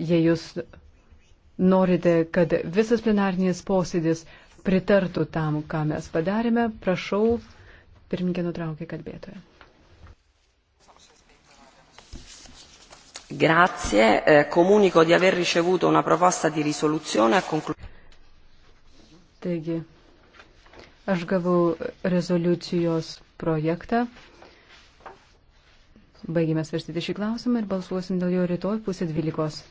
jei jūs norite, kad visas plenarnės posėdis pritartų tam, ką mes padarėme, prašau, pirmininkė nutraukė kalbėtoje. Grazie, eh, comunico di aver ricevuto una proposta di risoluzione a conclusione. Taigi, aš gavau rezoliucijos projektą. Baigime svarstyti šį klausimą ir balsuosim dėl jo rytoj pusė dvylikos.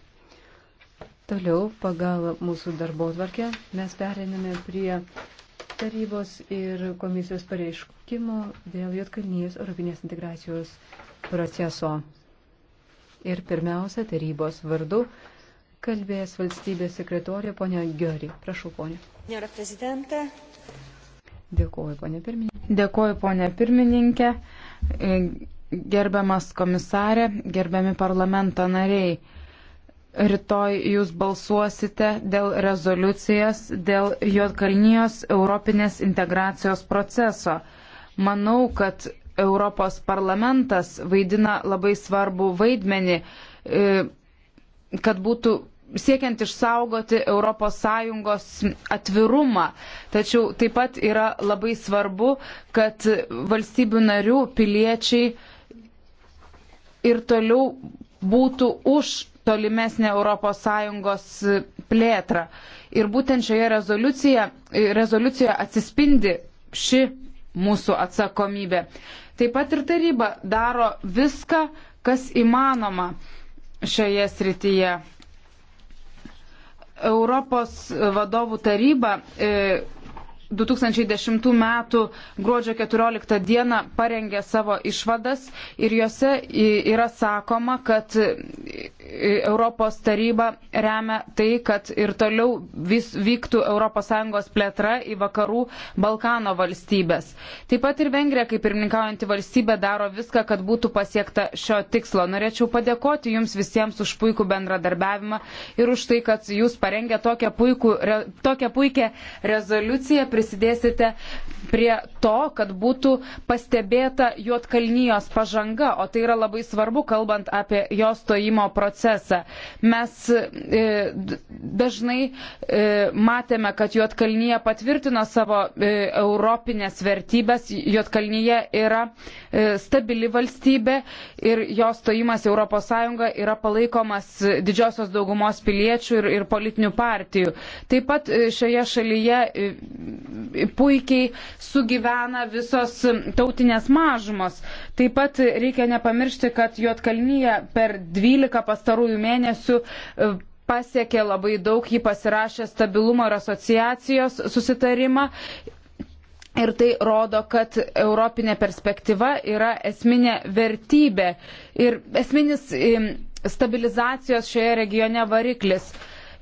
Toliau pagal mūsų darbo tvarkę mes periname prie tarybos ir komisijos pareiškimo dėl Jotkalnyjos Europinės integracijos proceso. Ir pirmiausia, tarybos vardu kalbės valstybės sekretorė ponia Giori. Prašau, ponia. Dėkuoju, ponia pirmininkė. Dėkuoju, ponia pirmininkė. Gerbiamas komisarė, gerbiami parlamento nariai. Rytoj jūs balsuosite dėl rezoliucijas dėl Jotkalnijos Europinės integracijos proceso. Manau, kad Europos parlamentas vaidina labai svarbų vaidmenį, e, kad būtų siekiant išsaugoti ES atvirumą. Tačiau taip pat yra labai svarbu, kad valstybių narių piliečiai ir toliau būtų už tolimesnę ES e, plėtrą. Ir būtent šioje rezoliucijoje, rezoliucijoje atsispindi ši mūsų atsakomybė. Taip pat ir taryba daro viską, kas įmanoma šioje srityje. Europos vadovų taryba e, 2010 m. gruodžio 14 d. parengė savo išvadas ir juose yra sakoma, kad Europos taryba remia tai, kad ir toliau vis vyktų ES plėtra į vakarų Balkano valstybės. Taip pat ir Vengrija, kaip pirmininkaujanti valstybė, daro viską, kad būtų pasiekta šio tikslo. Norėčiau padėkoti Jums visiems už puikų bendradarbiavimą ir už tai, kad Jūs parengė tokią, puikų, re, tokią puikią rezoliuciją prisidėsite prie to, kad būtų pastebėta Juotkalnyjos pažanga, o tai yra labai svarbu, kalbant apie jos stojimo procesą. Mes e, dažnai e, matėme, kad Juotkalnyje patvirtino savo e, europinės vertybės, Juotkalnyje yra e, stabili valstybė ir jos stojimas Europos Sąjunga yra palaikomas didžiosios daugumos piliečių ir, ir politinių partijų. Taip pat e, šioje šalyje e, puikiai sugyvena visos tautinės mažumos. Taip pat reikia nepamiršti, kad Juotkalnyje per 12 pastarųjų mėnesių e, pasiekė labai daug, jį pasirašė stabilumo ir asociacijos susitarimą. Ir tai rodo, kad europinė perspektyva yra esminė vertybė ir esminis e, stabilizacijos šioje regione variklis.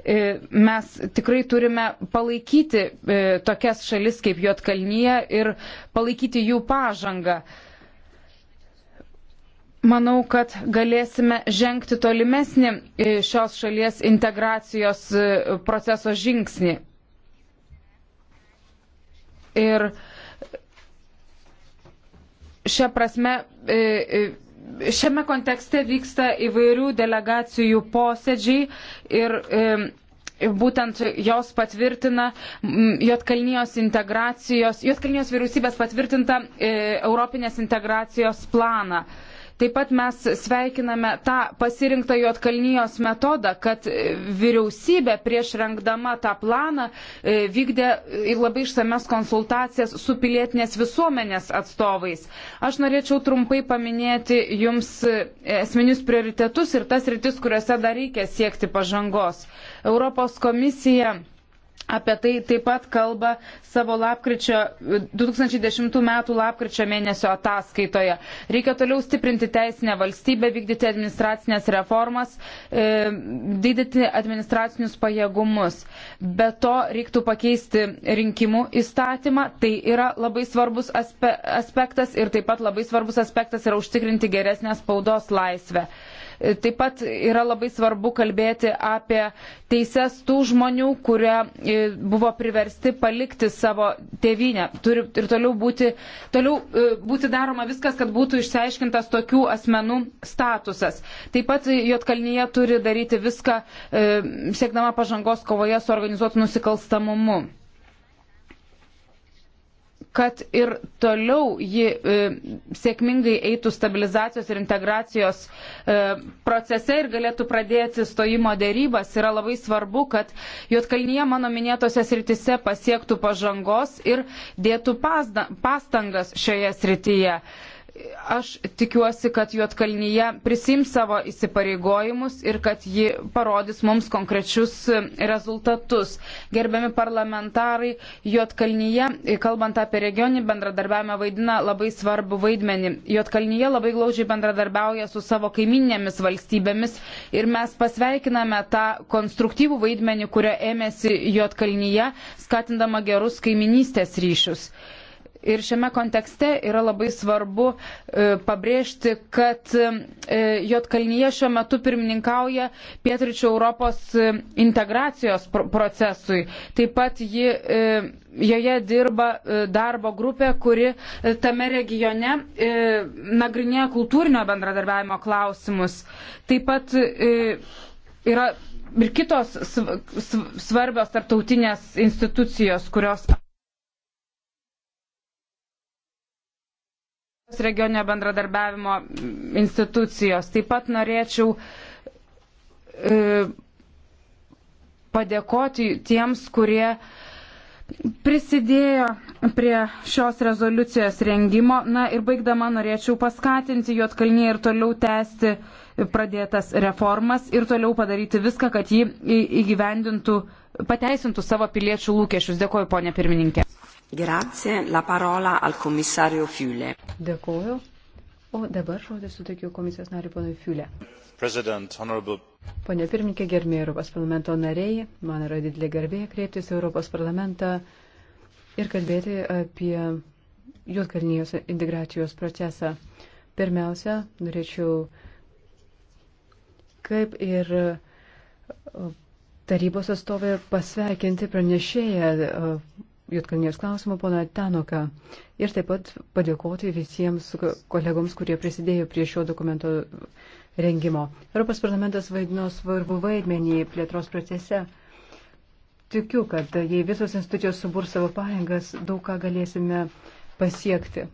E, mes tikrai turime palaikyti e, tokias šalis kaip Jotkalnyje ir palaikyti jų pažangą. Manau, kad galėsime žengti tolimesnį e, šios šalies integracijos proceso žingsnį. Ir šią prasme Šiame kontekste vyksta įvairių delegacijų posėdžiai ir e, būtent jos patvirtina Jotkalnijos integracijos, Jotkalnijos vyriausybės patvirtinta e, Europinės integracijos planą. E, Taip pat mes sveikiname tą pasirinktą Juotkalnyjos metodą, kad vyriausybė prieš rengdama tą planą e, vykdė labai išsames konsultacijas su pilietinės visuomenės atstovais. Aš norėčiau trumpai paminėti jums e, esminius prioritetus ir tas rytis, kuriuose dar reikia siekti pažangos. Europos komisija Apie tai taip pat kalba savo lapkričio, 2010 m. lapkričio mėnesio ataskaitoje. Reikia toliau stiprinti teisinę valstybę, vykdyti administracinės reformas, e, didyti administracinius pajėgumus. Be to reiktų pakeisti rinkimų įstatymą. Tai yra labai svarbus aspe, aspektas ir taip pat labai svarbus aspektas yra užtikrinti geresnę spaudos laisvę. E, Taip pat yra labai svarbu kalbėti apie teises tų žmonių, kurie e, buvo priversti palikti savo tėvynę. Turi ir toliau būti, toliau e, būti daroma viskas, kad būtų išsiaiškintas tokių asmenų statusas. Taip pat Jotkalnyje turi daryti viską, e, siekdama pažangos kovoje su organizuotu nusikalstamumu kad ir toliau ji e, sėkmingai eitų stabilizacijos ir integracijos e, procese ir galėtų pradėti stojimo dėrybas, yra labai svarbu, kad Jotkalnyje mano minėtose sritise pasiektų pažangos ir dėtų pasda, pastangas šioje srityje. E, aš tikiuosi, kad Juotkalnyje prisims savo įsipareigojimus ir kad ji parodys mums konkrečius rezultatus. Gerbiami parlamentarai, Juotkalnyje, kalbant apie regioninį bendradarbiavimą, vaidina labai svarbu vaidmenį. Juotkalnyje labai glaužiai bendradarbiauja su savo kaiminėmis valstybėmis ir mes pasveikiname tą konstruktyvų vaidmenį, kurio ėmėsi Juotkalnyje, skatindama gerus kaiminystės ryšius. Ir šiame kontekste yra labai svarbu e, pabrėžti, kad e, Jotkalnyje šiuo metu pirmininkauja Pietričio Europos e, integracijos procesui. Taip pat ji, joje dirba darbo grupė, kuri tame regione nagrinėja kultūrinio bendradarbiavimo klausimus. Taip pat yra ir kitos svarbios tarptautinės institucijos, kurios regioninio bendradarbiavimo institucijos. Taip pat norėčiau e, padėkoti tiems, kurie prisidėjo prie šios rezoliucijos rengimo. Na ir baigdama norėčiau paskatinti Jotkalnyje ir toliau tęsti pradėtas reformas ir toliau padaryti viską, kad ji įgyvendintų, pateisintų savo piliečių lūkesčius. Dėkuoju, ponė pirmininkė. Grazie. La parola al komisario Fiulė. Dėkuoju. O dabar žodį suteikiu komisijos nariu ponui Fiulė. Honorable... Pone pirmininkė, gerbėjai Europos parlamento nariai, man yra didelė garbė kreiptis į Europos parlamentą ir kalbėti apie Jūtkalnyjos integracijos procesą. Pirmiausia, norėčiau kaip ir uh, tarybos atstovė pasveikinti pranešėją uh, Jutkalnijos klausimą, poną Tanoką. Ir taip pat padėkoti visiems kolegoms, kurie prisidėjo prie šio dokumento rengimo. Europos parlamentas vaidino svarbu vaidmenį plėtros procese. Tikiu, kad jei visos institucijos suburs savo pajėgas, daug ką galėsime pasiekti.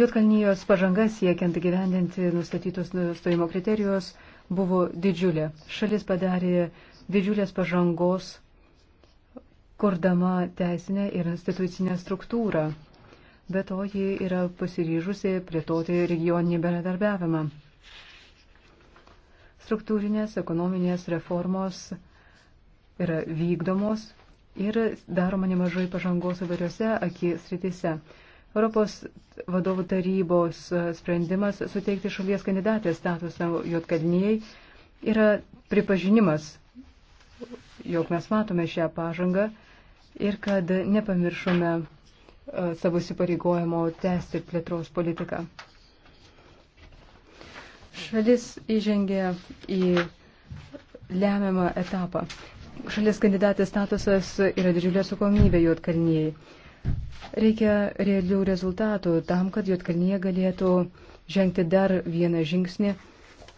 Jutkalnijos pažanga siekiant gyvendinti nustatytus stojimo kriterijus buvo didžiulė. Šalis padarė didžiulės pažangos, kurdama teisinę ir institucinę struktūrą. Be to, ji yra pasiryžusi plėtoti regioninį bendradarbiavimą. Struktūrinės ekonominės reformos yra vykdomos ir daroma nemažai pažangos įvairiose akis rytise. Europos vadovų tarybos e, sprendimas suteikti šalies kandidatės statusą Jotkalnyjei yra pripažinimas jog mes matome šią pažangą ir kad nepamiršome e, savo įsipareigojimo tęsti plėtros politiką. Šalis įžengė į lemiamą etapą. Šalies kandidatės statusas yra didžiulė sukomybė juotkalnyjei. Reikia realių rezultatų tam, kad juotkalnyje galėtų žengti dar vieną žingsnį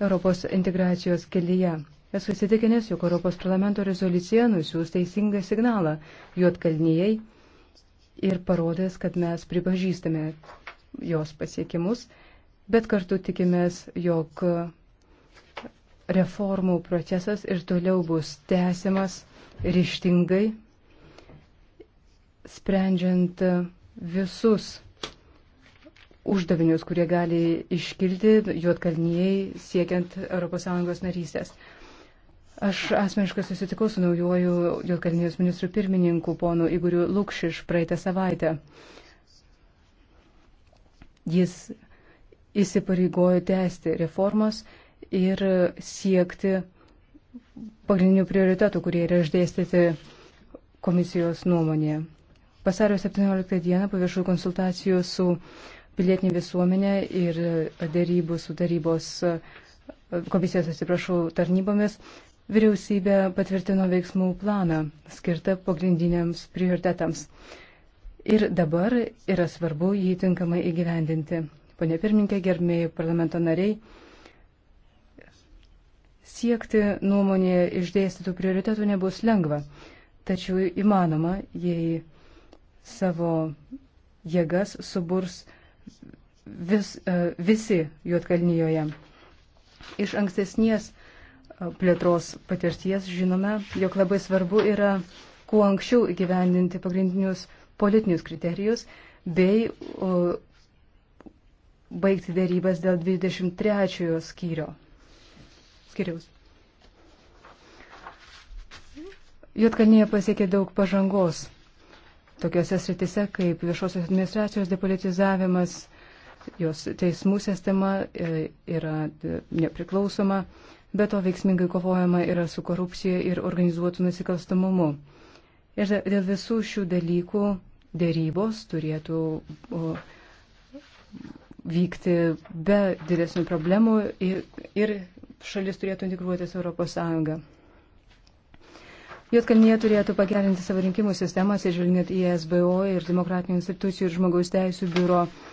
Europos integracijos kelyje. Esu įsitikinęs, jog Europos parlamento rezoliucija nusiūs teisingą signalą juotkalnyjei ir parodės, kad mes pripažįstame jos pasiekimus, bet kartu tikimės, jog reformų procesas ir toliau bus tęsiamas ryštingai, sprendžiant visus uždavinius, kurie gali iškilti juotkalnyjei siekiant ES narystės. Aš asmeniškai susitikau su naujoju Jotkalnijos ministru pirmininku ponu Igoriu Lukšiš praeitą savaitę. Jis įsipareigojo tęsti reformas ir siekti pagrindinių prioritetų, kurie yra išdėstyti komisijos nuomonėje. Vasario 17 dieną po viešųjų konsultacijų su pilietinė visuomenė ir dėrybų su tarybos komisijos, atsiprašau, tarnybomis vyriausybė patvirtino veiksmų planą skirtą pagrindiniams prioritetams. Ir dabar yra svarbu jį tinkamai įgyvendinti. Pone pirmininkė, gerbėjai parlamento nariai, siekti nuomonėje išdėstytų prioritetų nebus lengva, tačiau įmanoma, jei savo jėgas suburs vis, e, visi Juotkalnyjoje. Iš ankstesnės plėtros patirties žinome, jog labai svarbu yra kuo anksčiau įgyvendinti pagrindinius politinius kriterijus bei o, baigti dėrybas dėl 23 skyrio. Skiriaus. Jotkalnyje pasiekė daug pažangos tokiuose sritise kaip viešosios administracijos depolitizavimas, jos teismų sistema e, yra nepriklausoma, Be to veiksmingai kovojama yra su korupcija ir organizuotų nusikalstamumu. Ir dėl visų šių dalykų dėrybos turėtų vykti be didesnių problemų ir, ir šalis turėtų integruotis Europos Sąjungą. Jotkalnyje turėtų pagerinti savo rinkimų sistemą, atsižvelgiant į SBO ir demokratinių institucijų ir žmogaus teisų biuro uh,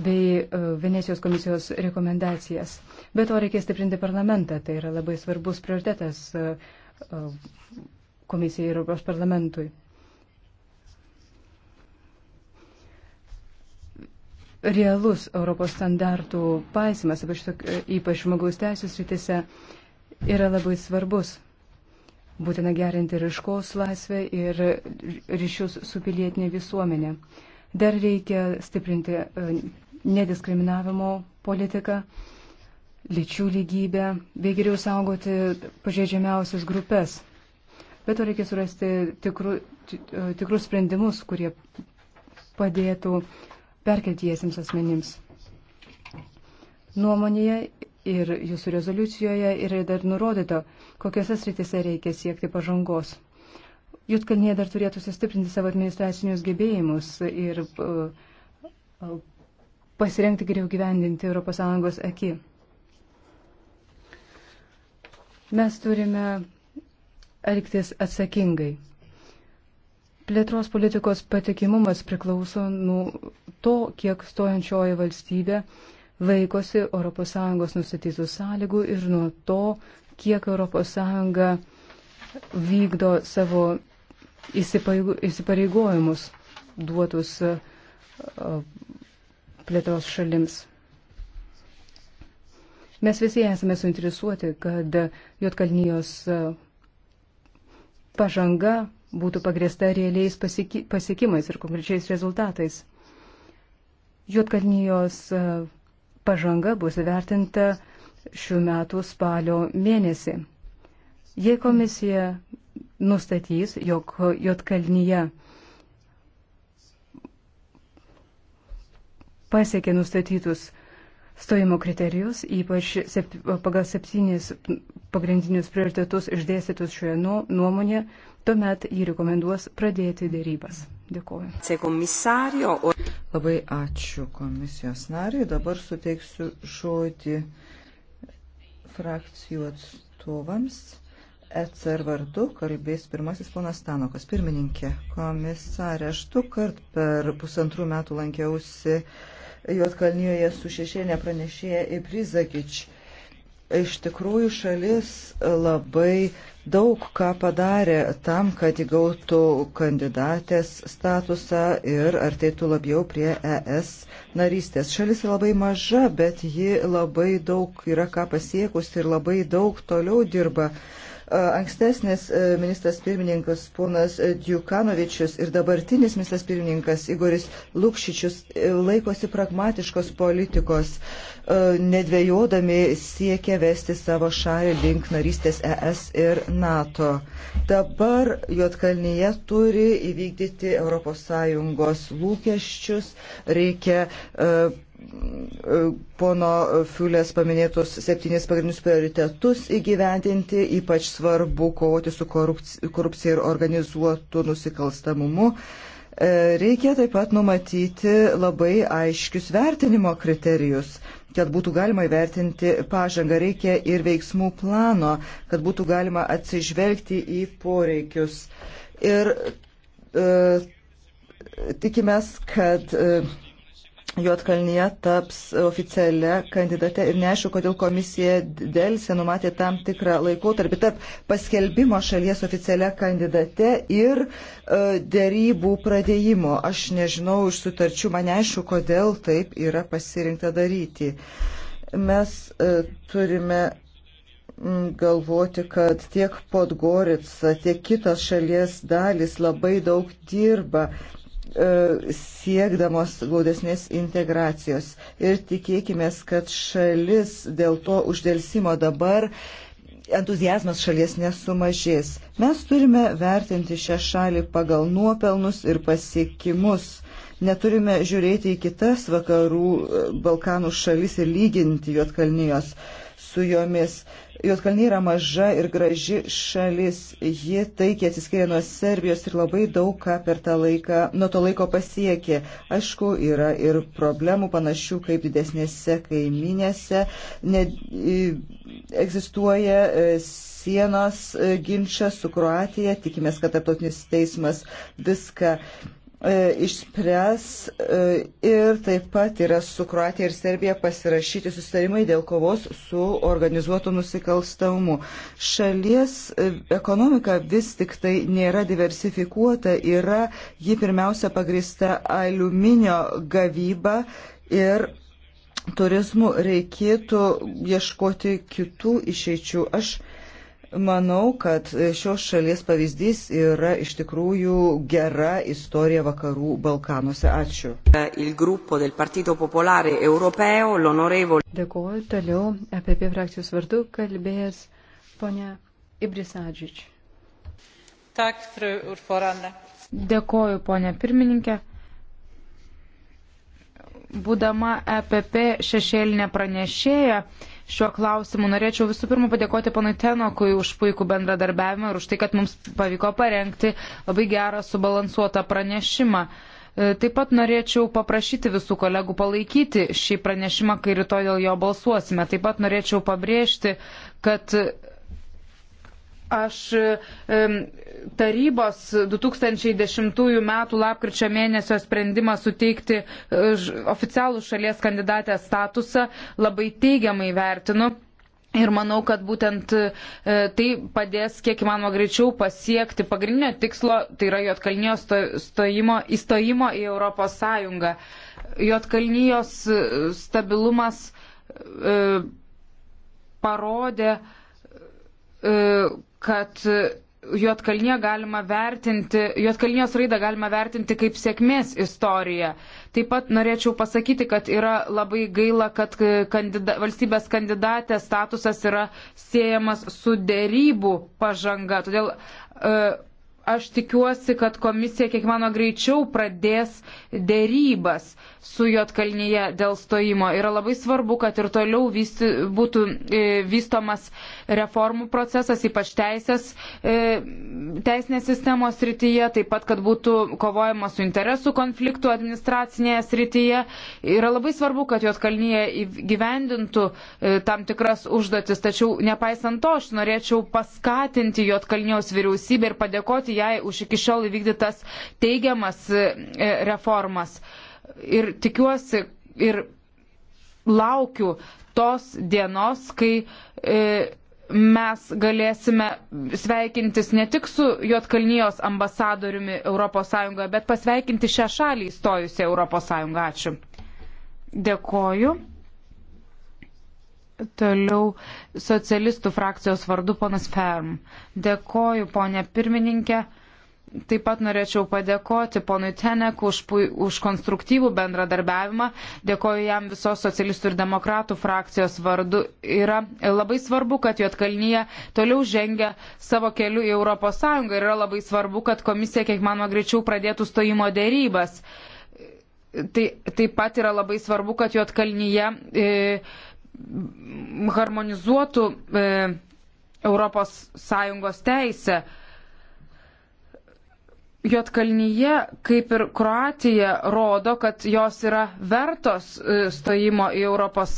bei e, Venecijos komisijos rekomendacijas. Be to reikės stiprinti parlamentą, tai yra labai svarbus prioritetas e, e, komisijai ir Europos parlamentui. realus Europos standartų paisimas, ypač žmogaus teisės rytise, yra labai svarbus. Būtina gerinti ryškos laisvę ir ryšius su pilietinė visuomenė. Dar reikia stiprinti nediskriminavimo politiką, lyčių lygybę, bei geriau saugoti pažeidžiamiausias grupės. Bet to reikia surasti tikru, e, tikrus sprendimus, kurie padėtų perkeltiesiams asmenims. Nuomonėje ir jūsų rezoliucijoje yra dar nurodyta, kokiuose sritise reikia siekti pažangos. Jutkalnie dar turėtų sustiprinti savo administracinius gebėjimus ir uh, pasirengti geriau gyvendinti ES akį. Mes turime elgtis atsakingai. Plėtros politikos patikimumas priklauso nuo to, kiek stojančioji valstybė laikosi ES nustatytų sąlygų ir nuo to, kiek ES vykdo savo įsipareigojimus duotus plėtros šalims. Mes visi esame suinteresuoti, kad Jotkalnyjos e, pažanga būtų pagrėsta realiais pasiekimais ir konkrečiais rezultatais. Jotkalnyjos e, pažanga bus įvertinta šių metų spalio mėnesį. Jei komisija nustatys, jog Jotkalnyje pasiekė nustatytus stojimo kriterijus, ypač sep, pagal septynis pagrindinius prioritetus išdėstytus šioje nu, nuomonėje, tuomet jį rekomenduos pradėti dėrybas. Dėkuoju. Labai ačiū komisijos nariai. Dabar suteiksiu žodį frakcijų atstovams. ECR vardu kalbės pirmasis ponas Stanokas, pirmininkė, komisarė. Aš du kart per pusantrų metų lankiausi uh, Juotkalnijoje su šešėnė pranešėja Ibrizagič. Iš tikrųjų šalis labai daug ką padarė tam, kad įgautų kandidatės statusą ir artėtų labiau prie ES narystės. Šalis labai maža, bet ji labai daug yra ką pasiekusi ir labai daug toliau dirba. Uh, Ankstesnis e, ministras pirmininkas ponas Djukanovičius ir dabartinis ministras pirmininkas Igoris Lukšičius e, laikosi pragmatiškos politikos, e, nedvėjodami siekia vesti savo šalį link narystės ES ir NATO. Dabar Jotkalnyje turi įvykdyti ES lūkesčius, reikia uh, pono Fiulės paminėtus septynis pagrindinius prioritetus įgyvendinti, ypač svarbu kovoti su korupcija, korupcija ir organizuotu nusikalstamumu. E, reikia taip pat numatyti labai aiškius vertinimo kriterijus, kad būtų galima įvertinti pažangą. Reikia ir veiksmų plano, kad būtų galima atsižvelgti į poreikius. Ir e, tikimės, kad e, Juotkalnyje taps oficialia kandidate ir neaišku, kodėl komisija dėlse numatė tam tikrą laikotarpį tarp paskelbimo šalies oficialia kandidate ir uh, e, dėrybų pradėjimo. Aš nežinau iš sutarčių, man neaišku, kodėl taip yra pasirinkta daryti. Mes uh, turime galvoti, kad tiek Podgorica, tiek kitos šalies dalis labai daug dirba E, siekdamos glaudesnės integracijos. Ir tikėkime, kad šalis dėl to uždėlsimo dabar entuzijazmas šalies nesumažės. Mes turime vertinti šią šalį pagal nuopelnus ir pasiekimus. Neturime žiūrėti į kitas vakarų e, Balkanų šalis ir lyginti juotkalnijos su jomis. Jotkalnyje yra maža ir graži šalis. Ji taikiai atsiskiria nuo Serbijos ir labai daug ką per tą laiką, nuo to laiko pasiekė. Aišku, yra ir problemų panašių kaip didesnėse kaiminėse. Ne, egzistuoja e, sienos e, ginčas su Kroatija. Tikimės, kad tarptautinis teismas viską E, išspręs e, ir taip pat yra su Kroatija ir Serbija pasirašyti sustarimai dėl kovos su organizuotu nusikalstamumu. Šalies e, ekonomika vis tik tai nėra diversifikuota, yra ji pirmiausia pagrista aliuminio gavyba ir turizmu reikėtų ieškoti kitų išeičių. Aš Manau, kad šios šalies pavyzdys yra iš tikrųjų gera istorija vakarų Balkanuose. Ačiū. Europeo, Dėkuoju toliau apie apie frakcijos vardu kalbėjęs ponia Ibrisadžič. Dėkuoju, ponia pirmininkė. Būdama EPP šešėlinė pranešėja, šiuo klausimu. Norėčiau visų pirma padėkoti panai Tenokui už puikų bendradarbiavimą ir už tai, kad mums pavyko parengti labai gerą subalansuotą pranešimą. E, taip pat norėčiau paprašyti visų kolegų palaikyti šį pranešimą, kai rytoj dėl jo balsuosime. Taip pat norėčiau pabrėžti, kad aš e, tarybos 2010 m. lapkričio mėnesio sprendimą suteikti e, oficialų šalies kandidatės statusą labai teigiamai vertinu. Ir manau, kad būtent e, tai padės kiek įmanoma greičiau pasiekti pagrindinio tikslo, tai yra Jotkalnijos stojimo, įstojimo į Europos Sąjungą. Jotkalnijos e, stabilumas e, parodė, e, kad. E, Juotkalnie galima vertinti, Juotkalnijos raidą galima vertinti kaip sėkmės istoriją. Taip pat norėčiau pasakyti, kad yra labai gaila, kad kandida, valstybės kandidatės statusas yra siejamas su dėrybų pažanga. Todėl e, aš tikiuosi, kad komisija kiek mano greičiau pradės dėrybas su Juotkalnyje dėl stojimo. Yra labai svarbu, kad ir toliau vysti, būtų e, vystomas. E, reformų procesas, ypač teisės, e, teisinės sistemos srityje, taip pat, kad būtų kovojama su interesų konfliktų administracinėje srityje. Yra labai svarbu, kad jos kalnyje gyvendintų e, tam tikras užduotis, tačiau nepaisant to, aš norėčiau paskatinti Jotkalnijos vyriausybę ir padėkoti jai už iki šiol įvykdytas teigiamas e, reformas. Ir tikiuosi ir laukiu tos dienos, kai e, mes galėsime sveikintis ne tik su Juotkalnyjos ambasadoriumi ES, bet pasveikinti šią šalį įstojusią ES. Ačiū. Dėkoju. Toliau socialistų frakcijos vardu ponas Ferm. Dėkoju, ponė pirmininkė. Taip pat norėčiau padėkoti ponui Tenek už, už konstruktyvų bendradarbiavimą. Dėkoju jam visos socialistų ir demokratų frakcijos vardu. Yra labai svarbu, kad Juotkalnyje toliau žengia savo keliu į ES ir yra labai svarbu, kad komisija kiek manoma greičiau pradėtų stojimo dėrybas. Tai, taip pat yra labai svarbu, kad Juotkalnyje e, harmonizuotų e, ES teisę. Jotkalnyje, kaip ir Kroatija, rodo, kad jos yra vertos e, stojimo į ES.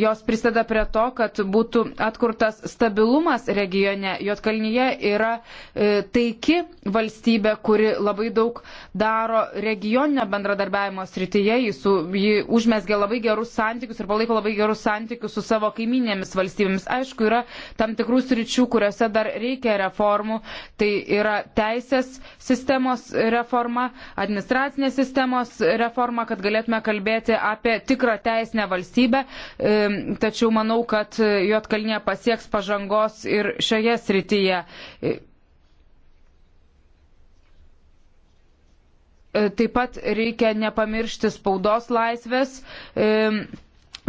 Jos prisideda prie to, kad būtų atkurtas stabilumas regione. Jotkalnyje yra e, taiki valstybė, kuri labai daug daro regioninio bendradarbiavimo srityje. Jis ji užmesgia labai gerus santykius ir palaiko labai gerus santykius su savo kaiminėmis valstybėmis. Aišku, yra tam tikrų sričių, kuriuose dar reikia reformų. Tai yra teisės sistema sistemos reforma, administracinės sistemos reforma, kad galėtume kalbėti apie tikrą teisinę valstybę. Tačiau manau, kad Jotkalnie pasieks pažangos ir šioje srityje. Taip pat reikia nepamiršti spaudos laisvės. E,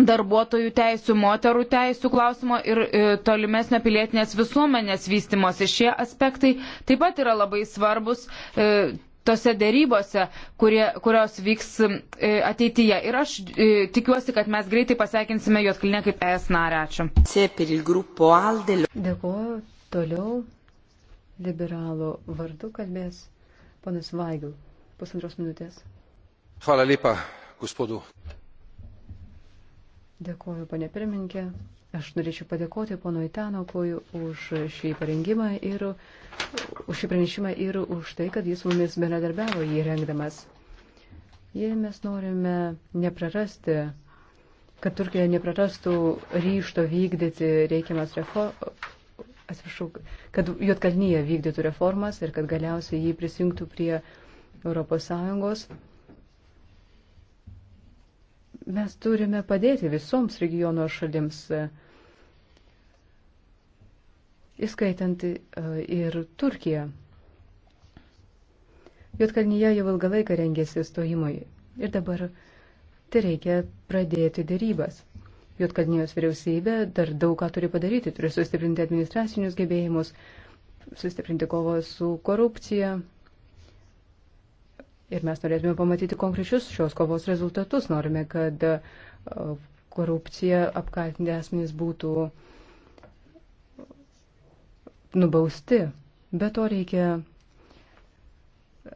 darbuotojų teisų, moterų teisų klausimo ir e, tolimesnio pilietinės visuomenės vystimosi. Šie aspektai taip pat yra labai svarbus e, tose dėrybose, kurie, kurios vyks e, ateityje. Ir aš tikiuosi, kad mes greitai pasiekinsime Jotkalinę kaip ES narę. Ačiū. Dėkuoju. Toliau liberalų vardu kalbės ponas Vaigil. Pusantros minutės. Hvala lepa, gospodu Dėkuoju, pane pirmininkė. Aš norėčiau padėkoti ponui Tanokui už šį parengimą ir už šį pranešimą ir už tai, kad jis mumis bendradarbiavo jį rengdamas. Jei mes norime neprarasti, kad Turkija neprarastų ryšto vykdyti reikiamas reformas, atsiprašau, kad Jotkalnyje vykdytų reformas ir kad galiausiai jį prisijungtų prie ES, Mes turime padėti visoms regiono šalims, e, įskaitant e, ir Turkiją. Jotkalnyje jau ilgą laiką rengėsi stojimui ir dabar tai reikia pradėti dėrybas. Jotkalnyjos vyriausybė dar daug ką turi padaryti, turi sustiprinti administracinius gebėjimus, sustiprinti kovą su korupcija, Ir mes norėtume pamatyti konkrečius šios kovos rezultatus. Norime, kad uh, korupcija apkaltinti asmenys būtų nubausti. Be to reikia uh,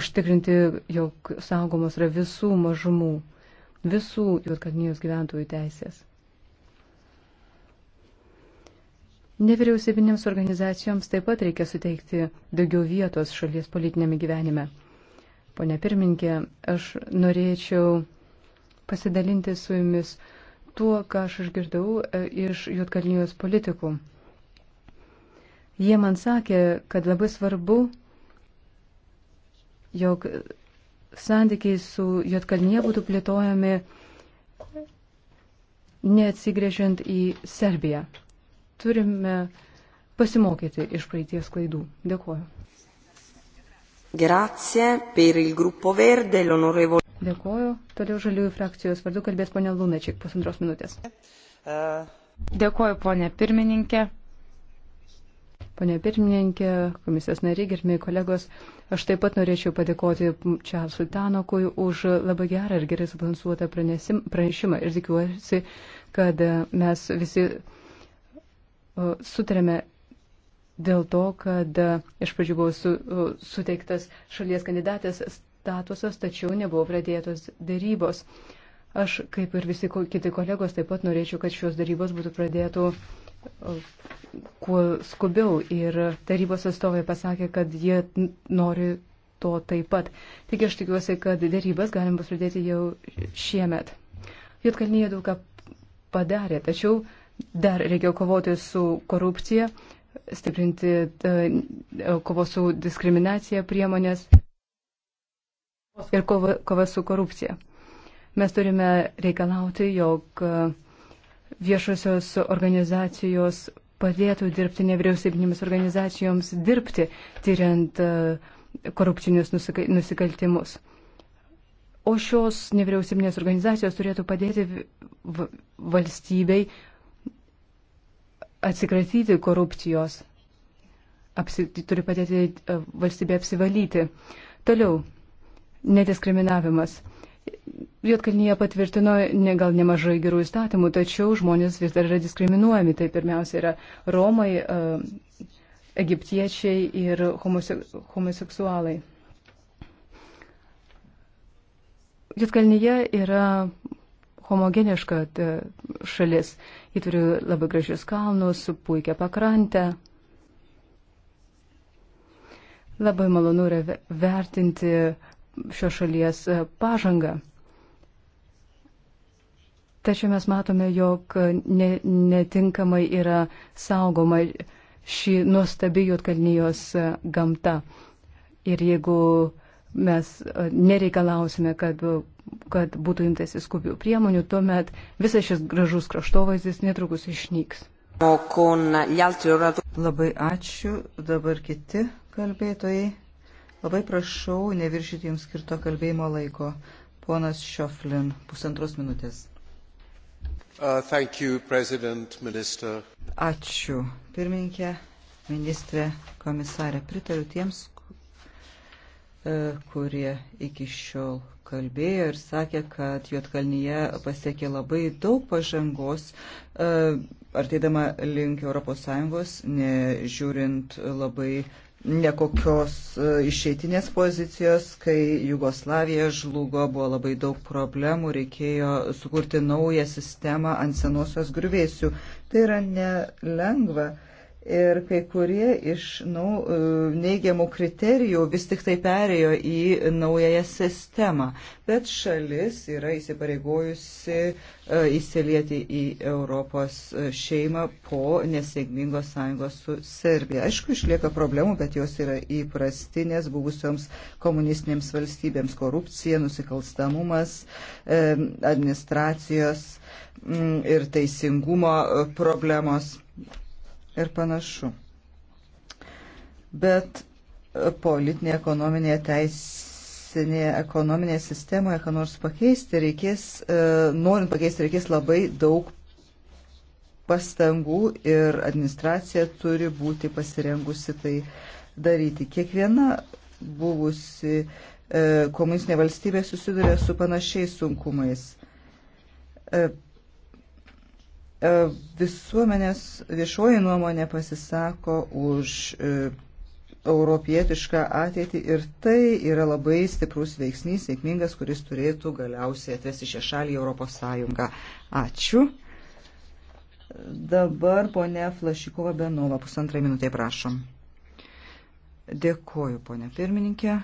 užtikrinti, jog saugomos yra visų mažumų, visų juotkadnijos gyventojų teisės. Nevyriausybinėms organizacijoms taip pat reikia suteikti daugiau vietos šalies politinėme gyvenime. Pone pirminkė, aš norėčiau pasidalinti su jumis tuo, ką aš išgirdau e, iš Jotkalnijos politikų. Jie man sakė, kad labai svarbu, jog santykiai su Jotkalnyje būtų plėtojami neatsigrėžiant į Serbiją. Turime pasimokyti iš praeities klaidų. Dėkuoju. Verde, Dėkuoju. Toliau žaliųjų frakcijos vardu kalbės ponė Lunačiak, pusantros minutės. Dėkuoju, ponė pirmininkė. Pone pirmininkė, komisijos nariai, gerbimi kolegos, aš taip pat norėčiau padėkoti Čarlzui Tanokui už labai gerą ir gerai subalansuotą pranešimą ir tikiuosi, kad mes visi sutarėme dėl to, kad iš pradžių buvo su, suteiktas šalies kandidatės statusas, tačiau nebuvo pradėtos dėrybos. Aš, kaip ir visi kiti kolegos, taip pat norėčiau, kad šios darybos būtų pradėtų kuo skubiau. Ir tarybos atstovai pasakė, kad jie nori to taip pat. Tik aš tikiuosi, kad darybas galim bus pradėti jau šiemet. Jotkalnyje daug ką padarė, tačiau dar reikia kovoti su korupcija, stiprinti e, e, kovos su diskriminacija priemonės ir kova, kova su korupcija. Mes turime reikalauti, jog e, viešosios organizacijos padėtų dirbti nevyriausybinėms organizacijoms dirbti, tyriant korupcinius nusikaltimus. O šios nevyriausybinės organizacijos turėtų padėti valstybei atsikratyti korupcijos. Apsi, tai turi padėti e, valstybė apsivalyti. Toliau, nediskriminavimas. Jotkalnyje patvirtino ne, gal nemažai gerų įstatymų, tačiau žmonės vis dar yra diskriminuojami. Tai pirmiausia yra Romai, e, egiptiečiai ir homose, homoseksualai. Jotkalnyje yra homogeniška šalis Ji turi labai gražius kalnus, puikia pakrantę. Labai malonu yra vertinti šios šalies e, pažangą. Tačiau mes matome, jog ne, netinkamai yra saugoma ši nuostabi Jotkalnyjos e, gamta. Ir jeigu uh, mes e, nereikalausime, kad, kad būtų imtasi skubių priemonių, tuomet visas šis gražus kraštovaizdis netrukus išnyks. Labai ačiū dabar kiti kalbėtojai. Labai prašau neviršyti jums skirto kalbėjimo laiko. Ponas Šioflin, pusantros minutės. Uh, you, Ačiū, pirmininkė, ministrė, komisarė. Pritariu tiems, E, kurie iki šiol kalbėjo ir sakė, kad Juotkalnyje pasiekė labai daug pažangos, e, artėdama link ES, nežiūrint labai nekokios e, išeitinės pozicijos, kai Jugoslavija žlugo, buvo labai daug problemų, reikėjo sukurti naują sistemą ant senosios grįvėsių. Tai yra nelengva ir kai kurie iš nu, e, neigiamų kriterijų vis tik tai perėjo į naująją sistemą. Bet šalis yra įsipareigojusi e, įsilieti į Europos šeimą po nesėkmingos sąjungos su Serbija. Aišku, išlieka problemų, bet jos yra įprastinės buvusioms komunistinėms valstybėms - korupcija, nusikalstamumas, e, administracijos mm, ir teisingumo problemos ir panašu. Bet politinėje, ekonominėje, teisinėje, ekonominėje sistemoje, ką nors pakeisti, reikės, e, norint pakeisti, reikės labai daug pastangų ir administracija turi būti pasirengusi tai daryti. Kiekviena buvusi e, komunistinė valstybė susiduria su panašiais sunkumais e, E, visuomenės viešoji nuomonė pasisako už e, europietišką ateitį ir tai yra labai stiprus veiksnys, sėkmingas, kuris turėtų galiausiai atvesti šią šalį į Europos Sąjungą. Ačiū. Dabar ponė Flašikova Benova, pusantrai minutė, prašom. Dėkoju, ponė pirmininkė,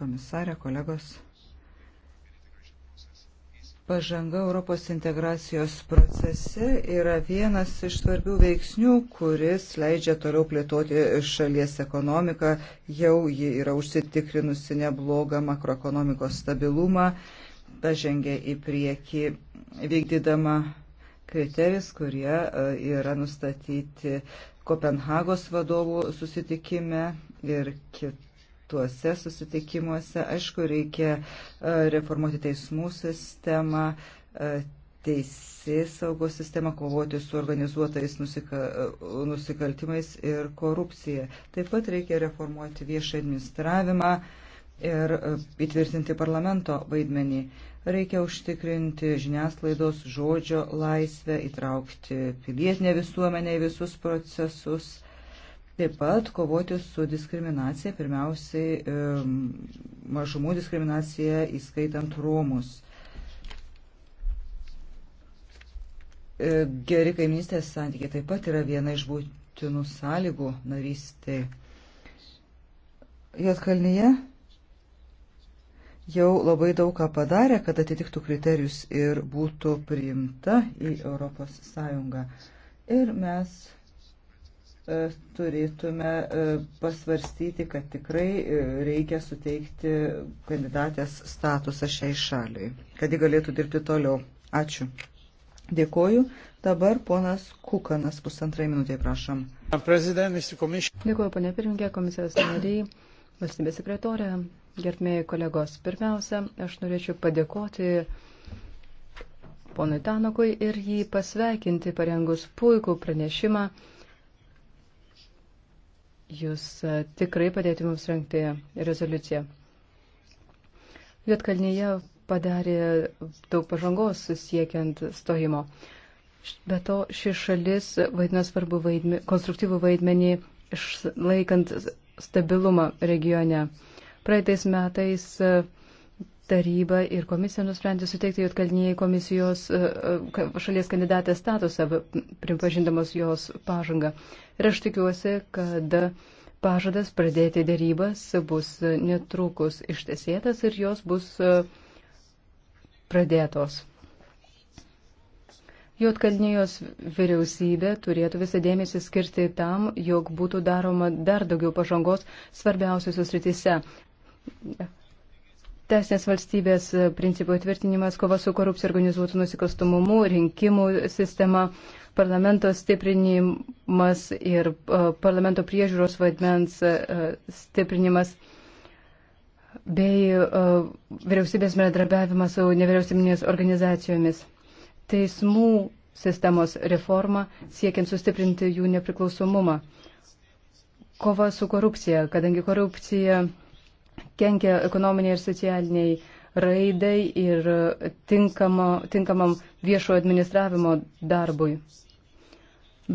komisarė, kolegos. Pažanga Europos integracijos procese yra vienas iš svarbių veiksnių, kuris leidžia toliau plėtoti šalies ekonomiką. Jau ji yra užsitikrinusi neblogą makroekonomikos stabilumą, pažengė į priekį vykdydama kriterijus, kurie e, yra nustatyti Kopenhagos vadovų susitikime ir kit tuose susitikimuose. Aišku, reikia e, reformuoti teismų sistemą, e, teisės saugos sistemą, kovoti su organizuotais nusika, e, nusikaltimais ir korupcija. Taip pat reikia reformuoti viešą administravimą ir įtvirtinti parlamento vaidmenį. Reikia užtikrinti žiniasklaidos žodžio laisvę, įtraukti pilietinę visuomenę į visus procesus Taip pat kovoti su diskriminacija, pirmiausiai mažumų diskriminacija įskaitant Romus. E, geri kaimynystės santykiai taip pat yra viena iš būtinų sąlygų narystėje. Jotkalnyje jau labai daug ką padarė, kad atitiktų kriterijus ir būtų priimta į Europos Sąjungą. Ir mes E, turėtume e, pasvarstyti, kad tikrai e, reikia suteikti kandidatės statusą šiai šaliai, kad ji galėtų dirbti toliau. Ačiū. Dėkoju. Dabar ponas Kukanas pusantrai minutė, prašom. Dėkuoju, ponė pirmininkė, komisijos nariai, valstybės sekretorė, gerbėjai kolegos. Pirmiausia, aš norėčiau padėkoti ponui Tanokui ir jį pasveikinti parengus puikų pranešimą jūs e, tikrai padėti mums rengti rezoliuciją. Lietkalnyje padarė daug pažangos siekiant stojimo. Be to, ši šalis vaidina svarbu vaidmenį, konstruktyvų vaidmenį išlaikant stabilumą regione. Praeitais metais uh, taryba ir komisija nusprendė suteikti Jotkalnyje komisijos e, e, šalies kandidatės statusą, pripažindamos jos pažangą. Ir aš tikiuosi, kad pažadas pradėti dėrybas bus netrukus ištesėtas ir jos bus e, pradėtos. Jotkalnyjos vyriausybė turėtų visą dėmesį skirti tam, jog būtų daroma dar daugiau pažangos svarbiausiuose srityse Teisinės valstybės principų įtvirtinimas, kova su korupcija organizuotų nusikalstumumu, rinkimų sistema, parlamento stiprinimas ir e, parlamento priežiūros vaidmens e, stiprinimas bei e, vyriausybės bendradarbiavimas su nevyriausybinės organizacijomis. Teismų sistemos reforma siekiant sustiprinti jų nepriklausomumą. Kova su korupcija, kadangi korupcija kenkia ekonominiai ir socialiniai raidai ir tinkamo, tinkamam viešo administravimo darbui.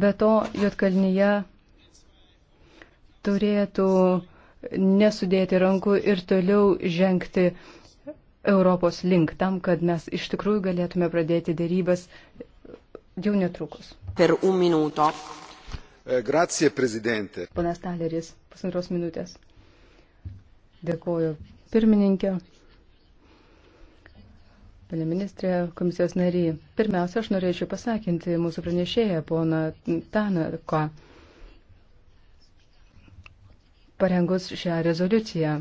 Be to, Jotkalnyje turėtų nesudėti rankų ir toliau žengti Europos link tam, kad mes iš tikrųjų galėtume pradėti dėrybas jau netrukus. Per un minuto. Grazie, prezidente. Ponas Taleris, pusantros minutės. Dėkuoju pirmininkė, panė ministrė, komisijos nariai. Pirmiausia, aš norėčiau pasakinti mūsų pranešėją, poną Tanaką, parengus šią rezoliuciją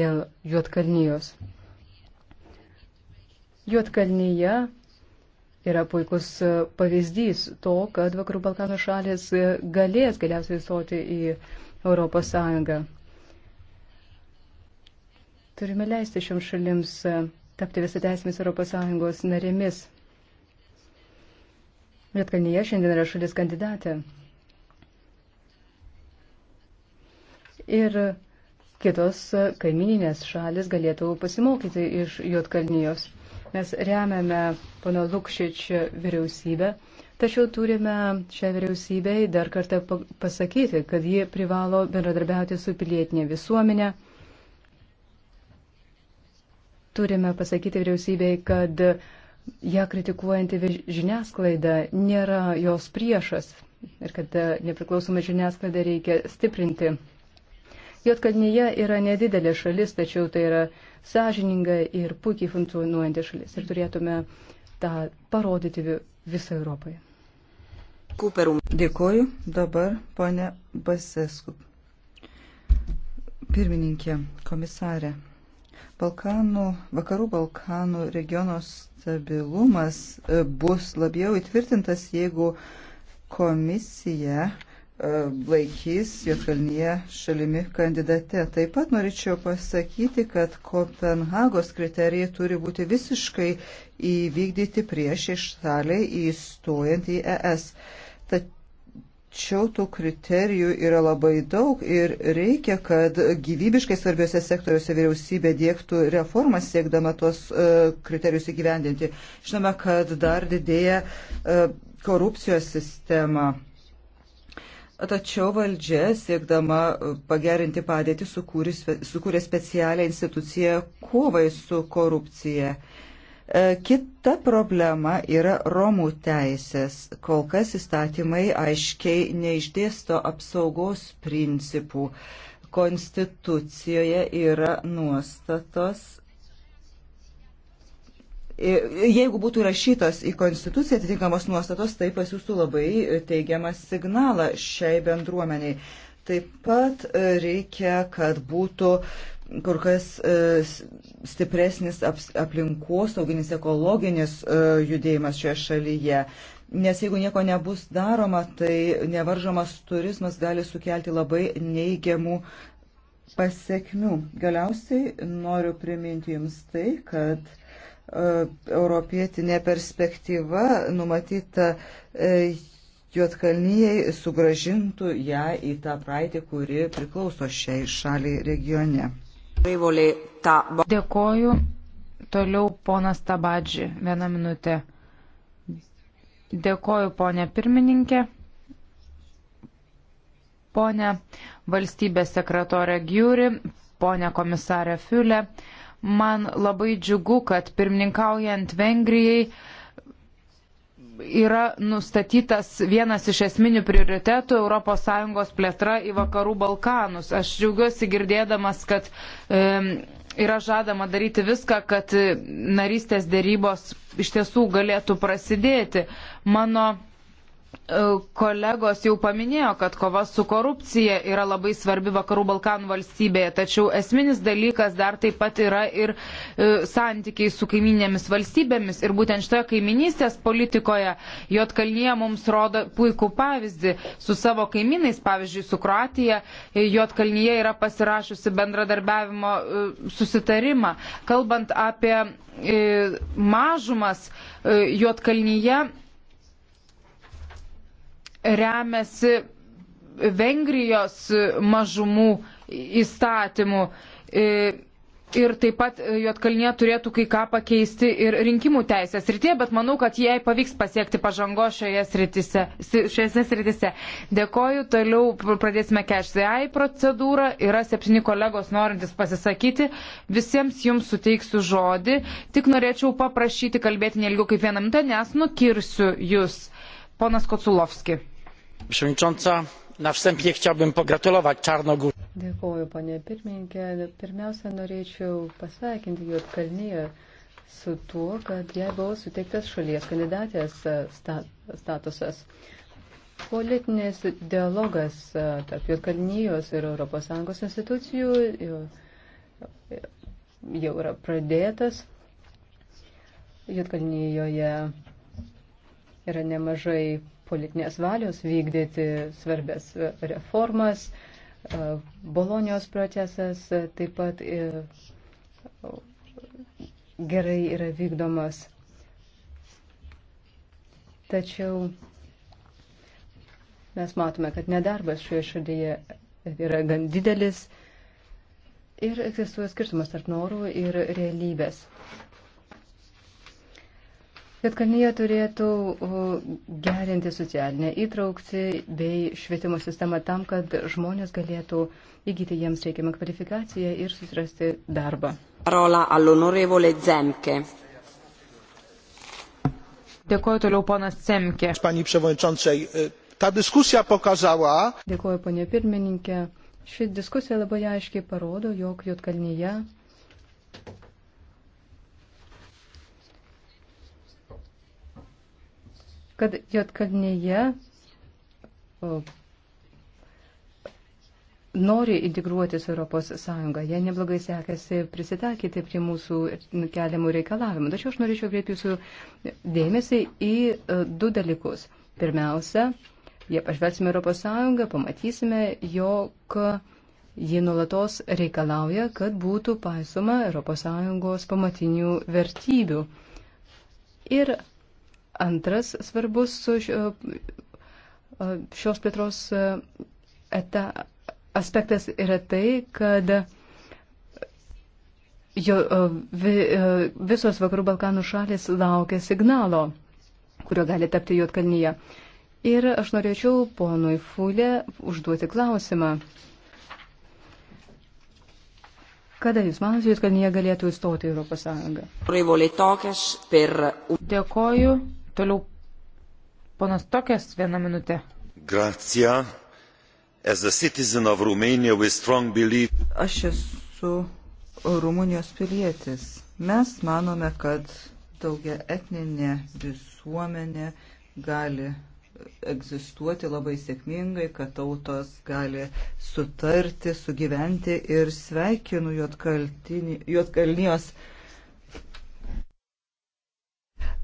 dėl Juotkalnyjos. Juotkalnyje yra puikus pavyzdys to, kad Vakarų Balkanų šalis galės galiausiai įstoti į Europos Sąjungą. Turime leisti šioms šalims e, tapti visateisėmis ES narėmis. Lietkalnyje šiandien yra šalis kandidatė. Ir kitos kaimininės šalis galėtų pasimokyti iš Jotkalnyjos. Mes remiame pono Lukšič vyriausybę, tačiau turime šią vyriausybę dar kartą pasakyti, kad ji privalo bendradarbiauti su pilietinė visuomenė turime pasakyti vyriausybei, kad ją kritikuojanti žiniasklaida nėra jos priešas ir kad e, nepriklausomą žiniasklaidą reikia stiprinti. Jotkalnyje yra nedidelė šalis, tačiau tai yra sąžininga ir puikiai funkcionuojanti šalis ir turėtume tą parodyti visą Europoje. Kuperum. Dėkoju. Dabar ponė Basesku. Pirmininkė, komisarė. Balkanų, vakarų Balkanų regiono stabilumas e, bus labiau įtvirtintas, jeigu komisija e, laikys Jotkalnyje šalimi kandidate. Taip pat norėčiau pasakyti, kad Kopenhagos kriterijai turi būti visiškai įvykdyti prieš iš šaliai įstojant į ES. Tačiau tų kriterijų yra labai daug ir reikia, kad gyvybiškai svarbiose sektoriuose vyriausybė dėktų reformas siekdama tuos e, kriterijus įgyvendinti. Žinome, kad dar didėja e, korupcijos sistema. Tačiau valdžia, siekdama pagerinti padėtį, sukūrė specialią instituciją kovai su korupcija. E, kita problema yra Romų teisės. Kol kas įstatymai aiškiai neišdėsto apsaugos principų. Konstitucijoje yra nuostatos. E, jeigu būtų rašytos į Konstituciją atitinkamos nuostatos, tai pasiūstų labai teigiamą signalą šiai bendruomeniai. Taip pat e, reikia, kad būtų kur kas e, stipresnis aplinkosauginis, ekologinis e, judėjimas šioje šalyje. Nes jeigu nieko nebus daroma, tai nevaržomas turizmas gali sukelti labai neigiamų pasiekmių. Galiausiai noriu priminti Jums tai, kad e, europietinė perspektyva numatyta Juotkalnyjei sugražintų ją į tą praeitį, kuri priklauso šiai šaliai regione. Dėkoju. Toliau ponas Tabadži, vieną minutę. Dėkoju, ponė pirmininkė. Pone valstybės sekretorė Giuri, ponė komisarė Fiulė, man labai džiugu, kad pirmininkaujant Vengrijai yra nustatytas vienas iš esminių prioritetų ES plėtra į vakarų Balkanus. Aš džiaugiuosi girdėdamas, kad e, yra žadama daryti viską, kad e, narystės dėrybos iš tiesų galėtų prasidėti. Mano kolegos jau paminėjo, kad kova su korupcija yra labai svarbi Vakarų Balkanų valstybėje, tačiau esminis dalykas dar taip pat yra ir e, santykiai su kaiminėmis valstybėmis. Ir būtent šitoje kaiminystės politikoje Jotkalnyje mums rodo puikų pavyzdį. Su savo kaimynais, pavyzdžiui, su Kroatija, e, Jotkalnyje yra pasirašusi bendradarbiavimo e, susitarimą. Kalbant apie mažumas Jotkalnyje, remiasi Vengrijos mažumų įstatymų. E, ir taip pat Jotkalnie turėtų kai ką pakeisti ir rinkimų teisės rytie, bet manau, kad jai pavyks pasiekti pažango šioje sritise. Šiose sritise. Dėkoju, toliau pradėsime kešsiai procedūrą. Yra septyni kolegos norintys pasisakyti. Visiems jums suteiksiu žodį. Tik norėčiau paprašyti kalbėti nelgiau kaip vieną minutę, nes nukirsiu jūs. Ponas Koculovski pani przewodnicząca! na wstępie chciałbym pogratulować czarnogórai. dėkoju pone pirmininke pirmiausia norėčiau pasveikinti juodkalniją su tuo kad jai buvo suteiktas šalies kandidatės statusas. politinis dialogas tarp juodkalnijos ir europos sąjungos institucijų jau yra pradėtas. juodkalnijoje yra nemažai politinės valios vykdyti svarbės reformas, e, Bolonijos procesas e, taip pat e, gerai yra vykdomas. Tačiau mes matome, kad nedarbas šioje šalyje yra gan didelis ir egzistuoja skirtumas tarp norų ir realybės. Jotkalnyje turėtų uh, gerinti socialinę įtraukti bei švietimo sistemą tam, kad žmonės galėtų įgyti jiems reikiamą kvalifikaciją ir susirasti darbą. Dėkuoju toliau ponas Cemke. Dėkuoju ponė pirmininkė. Ši diskusija labai aiškiai parodo, jog Jotkalnyje kad Jotkalnyje nori integruotis Europos Sąjungą. Jie neblogai sekasi prisitaikyti prie mūsų keliamų reikalavimų. Tačiau aš norėčiau kreipti jūsų dėmesį į e, du dalykus. Pirmiausia, jie pažvelgsime Europos Sąjungą, pamatysime, jog ji nulatos reikalauja, kad būtų paisoma Europos Sąjungos pamatinių vertybių. Ir Antras svarbus šios plėtros eta, aspektas yra tai, kad jo, visos Vakarų Balkanų šalis laukia signalo, kurio gali tapti Jotkalnyje. Ir aš norėčiau ponui Fulė užduoti klausimą. Kada jūs manote, kad jie galėtų įstoti į Europos Sąjungą? Dėkoju. Toliau ponas Tokias vieną minutę. Gracija. As a citizen of Romania with strong belief. Aš esu Rumunijos pilietis. Mes manome, kad daugia etninė visuomenė gali egzistuoti labai sėkmingai, kad tautos gali sutarti, sugyventi ir sveikinu Jotkalnijos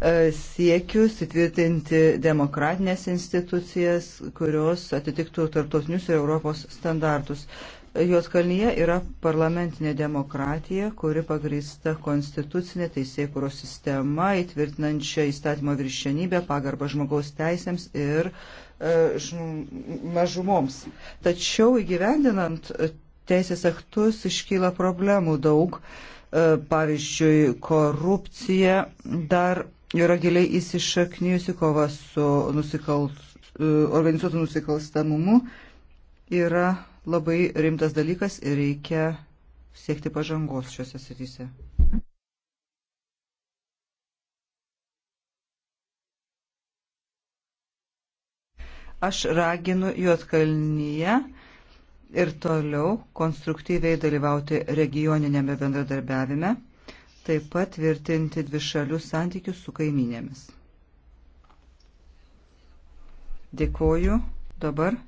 E, siekius įtvirtinti demokratinės institucijas, kurios atitiktų tarptautinius ir Europos standartus. Juotkalnyje yra parlamentinė demokratija, kuri pagrįsta konstitucinė teisėkuros sistema, įtvirtinančia įstatymo viršienybę, pagarbą žmogaus teisėms ir e, mažumoms. Tačiau įgyvendinant teisės aktus iškyla problemų daug. E, pavyzdžiui, korupcija dar yra giliai įsišaknyjusi kova su nusikalt, e, organizuotu nusikalstamumu, yra labai rimtas dalykas ir reikia siekti pažangos šiuose srityse. Aš raginu Juotkalnyje ir toliau konstruktyviai dalyvauti regioninėme bendradarbiavime taip pat tvirtinti dvišalius santykius su kaiminėmis. Dėkoju dabar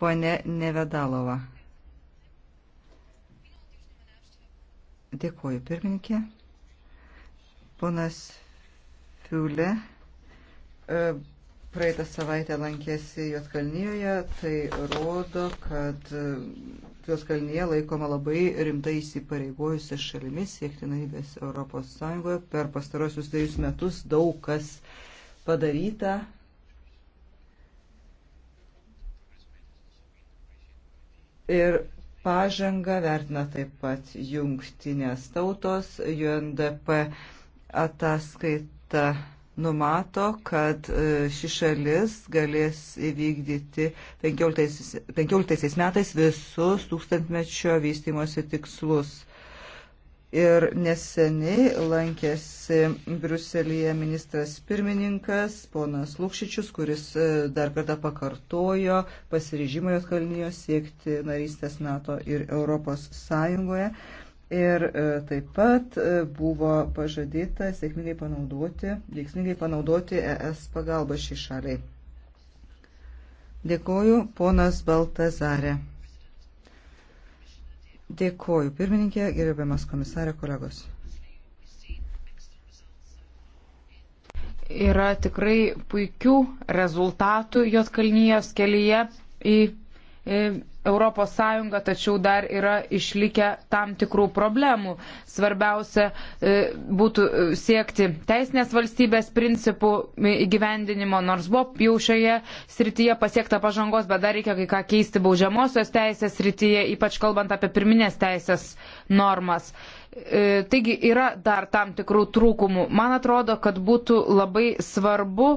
ponė Nevedalova. Dėkoju pirmininkė. Ponas Fiulė. E, praeitą savaitę lankėsi Juotkalnyje, tai rodo, kad Juotkalnyje laikoma labai rimtai įsipareigojusi šalimis siekti narybės Europos Sąjungoje. Per pastarosius dviejus metus daug kas padaryta. Ir pažangą vertina taip pat jungtinės tautos, UNDP ataskaita numato, kad e, ši šalis galės įvykdyti 15, 15 metais visus tūkstantmečio vystimosi tikslus. Ir neseniai lankėsi Bruselėje ministras pirmininkas, ponas Lukšičius, kuris e, dar kartą pakartojo pasiryžimą Jotkalnijos siekti narystės NATO ir Europos Sąjungoje. Ir e, taip pat e, buvo pažadėta sėkmingai panaudoti, veiksmingai panaudoti ES pagalbą šį šaliai. Dėkoju, ponas Baltazarė. Dėkoju, pirmininkė, gerbiamas komisarė, kolegos. Yra tikrai puikių rezultatų Jotkalnyjos kelyje į Europos Sąjunga, tačiau dar yra išlikę tam tikrų problemų. Svarbiausia e, būtų e, siekti teisinės valstybės principų e, įgyvendinimo, nors buvo jau šioje srityje pasiekta pažangos, bet dar reikia kai ką keisti baudžiamosios teisės srityje, ypač kalbant apie pirminės teisės normas. Taigi yra dar tam tikrų trūkumų. Man atrodo, kad būtų labai svarbu,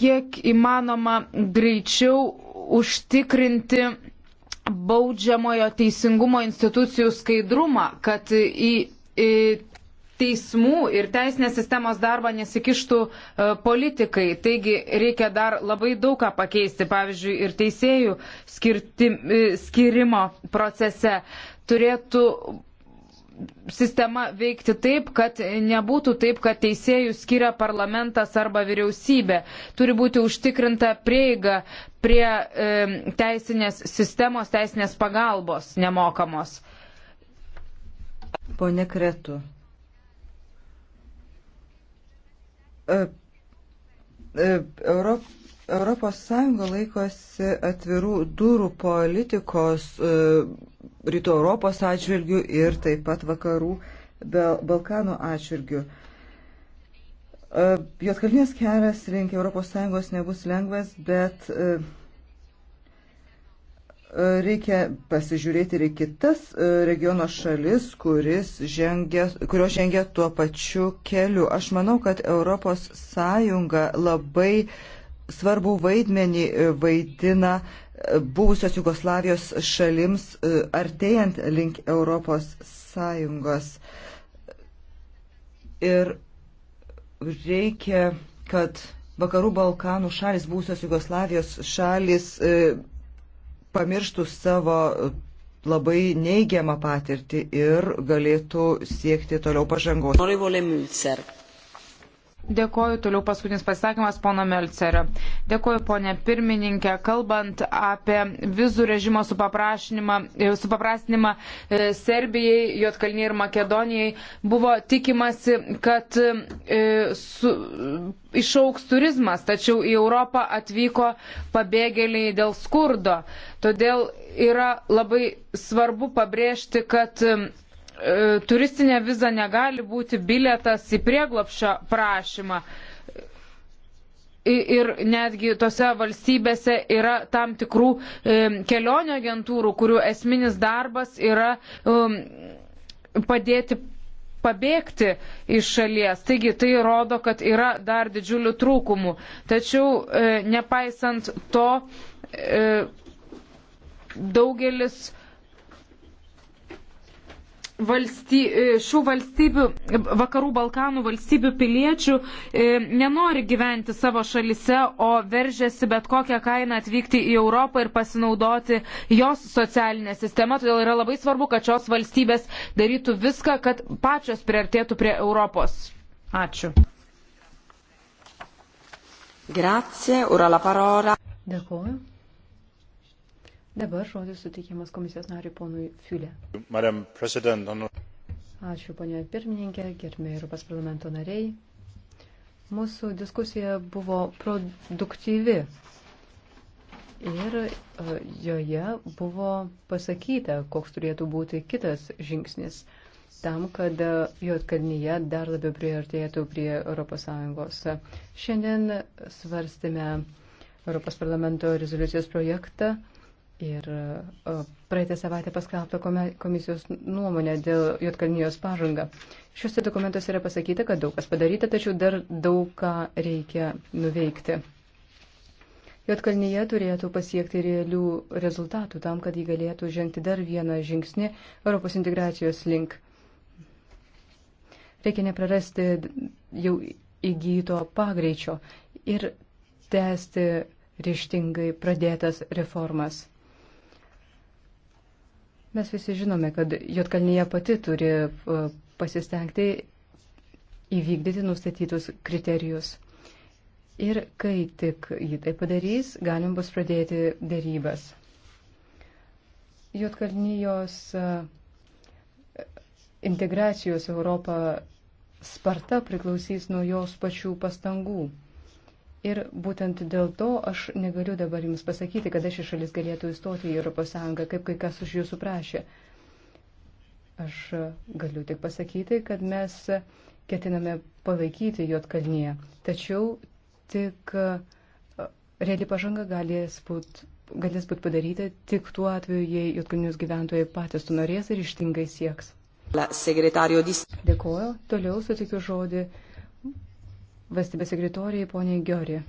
kiek įmanoma greičiau užtikrinti baudžiamojo teisingumo institucijų skaidrumą, kad į, į teismų ir teisinės sistemos darbą nesikištų e, politikai. Taigi reikia dar labai daug ką pakeisti, pavyzdžiui, ir teisėjų skirti, e, skirimo procese turėtų sistema veikti taip, kad nebūtų taip, kad teisėjų skiria parlamentas arba vyriausybė. Turi būti užtikrinta prieiga prie e, teisinės sistemos, teisinės pagalbos nemokamos. Pone Kretu. E, e, Europos. Europos Sąjunga laikosi atvirų durų politikos e, rytų Europos atžvilgių ir taip pat vakarų Balkanų atžvilgių. E, Jotkalnės kelias link ES nebus lengvas, bet e, e, reikia pasižiūrėti ir į kitas regiono šalis, kuris žengia, kurio žengia tuo pačiu keliu. Aš manau, kad ES labai svarbu vaidmenį vaidina buvusios Jugoslavijos šalims e, artėjant link Europos Sąjungos. Ir reikia, kad vakarų Balkanų šalis, buvusios Jugoslavijos šalis e, pamirštų savo labai neigiamą patirtį ir galėtų siekti toliau pažangos. Dėkoju, toliau paskutinis pasisakymas pono Melcerio. Dėkoju, ponė pirmininkė, kalbant apie vizų režimo e, supaprastinimą e, Serbijai, Jotkalniai ir Makedonijai, buvo tikimasi, kad e, su, išauks turizmas, tačiau į Europą atvyko pabėgėliai dėl skurdo. Todėl yra labai svarbu pabrėžti, kad E, turistinė viza negali būti bilietas į prieglopšio prašymą. Ir netgi tose valstybėse yra tam tikrų e, kelionių agentūrų, kurių esminis darbas yra um, padėti pabėgti iš šalies. Taigi tai rodo, kad yra dar didžiulių trūkumų. Tačiau e, nepaisant to, daugelis valsty, e, šių valstybių, vakarų Balkanų valstybių piliečių e, nenori gyventi savo šalise, o veržiasi bet kokią kainą atvykti į Europą ir pasinaudoti jos socialinę sistemą. Todėl yra labai svarbu, kad šios valstybės darytų viską, kad pačios priartėtų prie Europos. Ačiū. Grazie, ora la parola. Dėkuoju. Dabar žodis suteikiamas komisijos nariui ponui Fiulė. Ačiū, ponė pirmininkė, gerbėjai Europos parlamento nariai. Mūsų diskusija buvo produktyvi ir e, joje buvo pasakyta, koks turėtų būti kitas žingsnis tam, kad Jotkalnyje dar labiau priartėtų prie ES. Šiandien svarstėme Europos parlamento rezoliucijos projektą Ir e, praeitą savaitę paskelbta komisijos nuomonė dėl Jotkalnijos pažanga. Šiuose dokumentuose yra pasakyta, kad daug kas padaryta, tačiau dar daug ką reikia nuveikti. Jotkalnyje turėtų pasiekti realių rezultatų tam, kad jį galėtų žengti dar vieną žingsnį Europos integracijos link. Reikia neprarasti jau įgyto pagreičio ir tęsti ryštingai pradėtas reformas. Mes visi žinome, kad Jotkalnyje pati turi e, pasistengti įvykdyti nustatytus kriterijus. Ir kai tik jį tai padarys, galim bus pradėti dėrybas. Jotkalnyjos e, integracijos Europą sparta priklausys nuo jos pačių pastangų. Ir būtent dėl to aš negaliu dabar Jums pasakyti, kada ši šalis galėtų įstoti į Europos Sąjungą, kaip kai kas už Jūsų prašė. Aš galiu tik pasakyti, kad mes ketiname palaikyti Jotkalnyje, tačiau tik reali pažanga galės būti galės būti padaryta tik tuo atveju, jei Jotkalnijos gyventojai patys to norės ir ištingai sieks. Dėkuoju. Toliau sutikiu žodį valstybės sekretorijai, poniai Giori.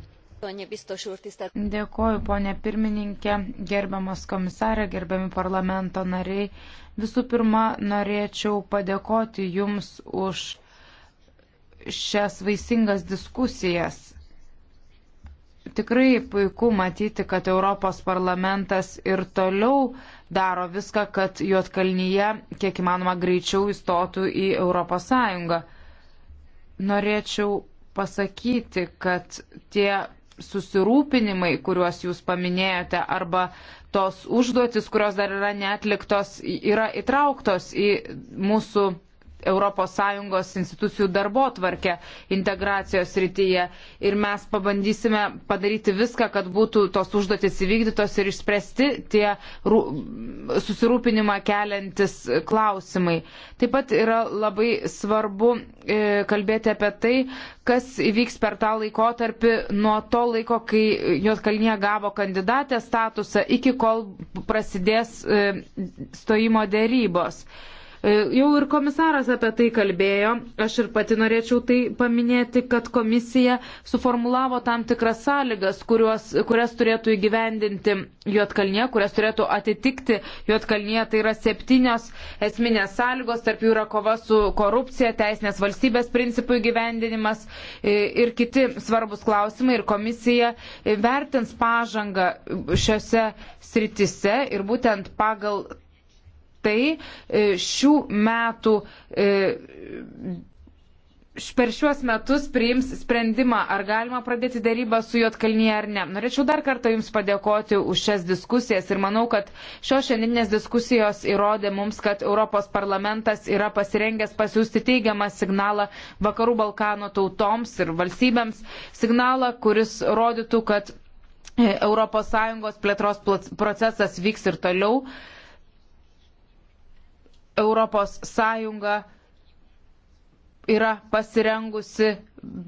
Dėkoju, ponė pirmininkė, gerbiamas komisarė, gerbiami parlamento nariai. Visų pirma, norėčiau padėkoti Jums už šias vaisingas diskusijas. Tikrai puiku matyti, kad Europos parlamentas ir toliau daro viską, kad Juotkalnyje kiek įmanoma greičiau įstotų į Europos Sąjungą. Norėčiau pasakyti, kad tie susirūpinimai, kuriuos jūs paminėjote, arba tos užduotis, kurios dar yra netliktos, yra įtrauktos į mūsų ES institucijų darbo tvarkę integracijos rytyje. Ir mes pabandysime padaryti viską, kad būtų tos užduotis įvykdytos ir išspręsti tie susirūpinimą keliantis klausimai. Taip pat yra labai svarbu e, kalbėti apie tai, kas įvyks per tą laikotarpį nuo to laiko, kai Jotkalnie gavo kandidatės statusą, iki kol prasidės e, stojimo dėrybos. E, jau ir komisaras apie tai kalbėjo, aš ir pati norėčiau tai paminėti, kad komisija suformulavo tam tikras sąlygas, kurios, kurias turėtų įgyvendinti Juotkalnie, kurias turėtų atitikti Juotkalnie, tai yra septynios esminės sąlygos, tarp jų yra kova su korupcija, teisinės valstybės principų įgyvendinimas e, ir kiti svarbus klausimai ir komisija vertins pažangą šiuose sritise ir būtent pagal tai e, šių metų e, per šiuos metus priims sprendimą, ar galima pradėti dėrybą su Jotkalnyje ar ne. Norėčiau dar kartą Jums padėkoti už šias diskusijas ir manau, kad šios šiandieninės diskusijos įrodė mums, kad Europos parlamentas yra pasirengęs pasiūsti teigiamą signalą Vakarų Balkano tautoms ir valstybėms, signalą, kuris rodytų, kad ES plėtros procesas vyks ir toliau. ES yra pasirengusi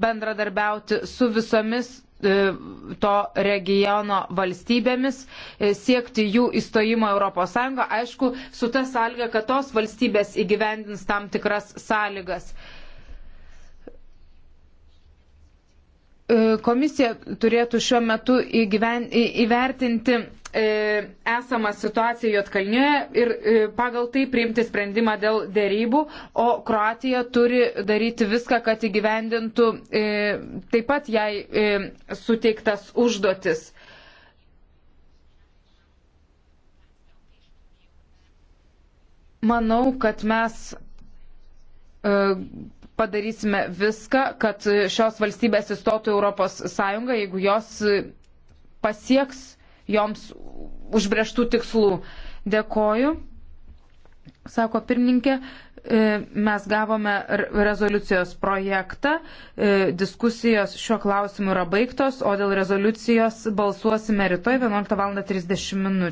bendradarbiauti su visomis e, to regiono valstybėmis, e, siekti jų įstojimo ES, aišku, su ta sąlyga, kad tos valstybės įgyvendins tam tikras sąlygas. E, komisija turėtų šiuo metu įgyven, įvertinti E, esamą situaciją Jotkalnėje ir e, pagal tai priimti sprendimą dėl dėrybų, o Kroatija turi daryti viską, kad įgyvendintų e, taip pat jai suteiktas užduotis. Manau, kad mes padarysime viską, kad šios valstybės įstotų Europos Sąjungą, jeigu jos pasieks joms užbrieštų tikslų. Dėkoju, sako pirmininkė. E, mes gavome rezoliucijos projektą, e, diskusijos šiuo klausimu yra baigtos, o dėl rezoliucijos balsuosime rytoj 11.30 min.